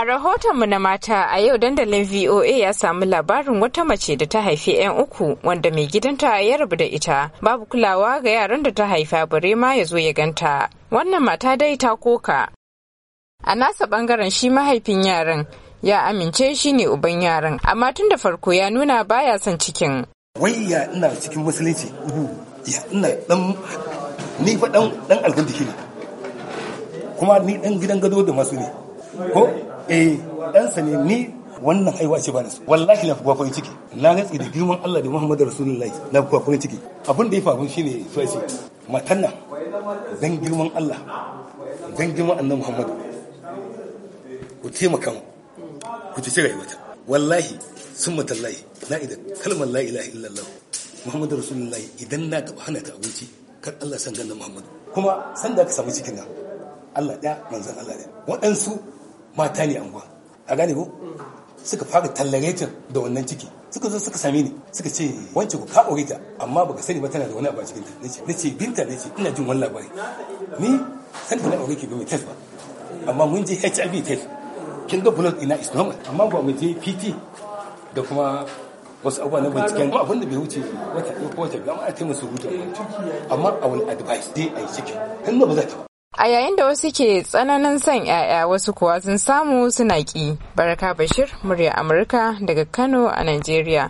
A rahotonmu na mata a yau dandalin VOA ya samu labarin wata mace da ta haifi 'yan uku wanda mai gidanta ya rabu da ita babu kulawa ga yaran da ta haifa bare ma ya zo ya ganta. Wannan mata dai ta koka. A nasa bangaren shi mahaifin yaran ya amince shi ne uban yaran amma tun da farko ya nuna baya son cikin. Wai ya ina cikin musulunci ya ni fa dan ne kuma ni dan gidan gado da masu ne. ko eh dan ne ni wannan haihuwa ce ba da su wallahi na fukuwa farin ciki na gatsi da girman Allah da Muhammadu Rasulullahi na fukuwa farin ciki abin da ya faru shine so ce matan nan dan girman Allah dan girman Annabi Muhammadu ku ce maka ku ci mata. wallahi summa tallahi na idan kalmar la ilaha illallah Muhammadu Rasulullahi idan na taba hana ta abinci kar Allah san ganin Muhammadu kuma san da ka samu cikin nan Allah ɗaya manzon Allah ɗaya waɗansu mata ne anguwa a gane ko suka fara tallaretin da wannan ciki suka zo suka same ni suka ce wance ku ka aure ta amma baka sani ba tana da wani abu a cikin ta nace nace binta nace ina jin wannan labari ni san da na aure ki ba mai test ba amma mun je HIV test kin ga blood ina is normal amma ba mu je PT da kuma wasu abubuwa na binciken ba abinda bai wuce wata ko wata biyu amma a su rubuta amma a wani advice dai a yi ciki hannu ba za ta ba A yayin da wasu ke tsananin son 'ya'ya wasu kuwa sun samu suna ƙi. Baraka Bashir, murya Amurka daga Kano a Najeriya.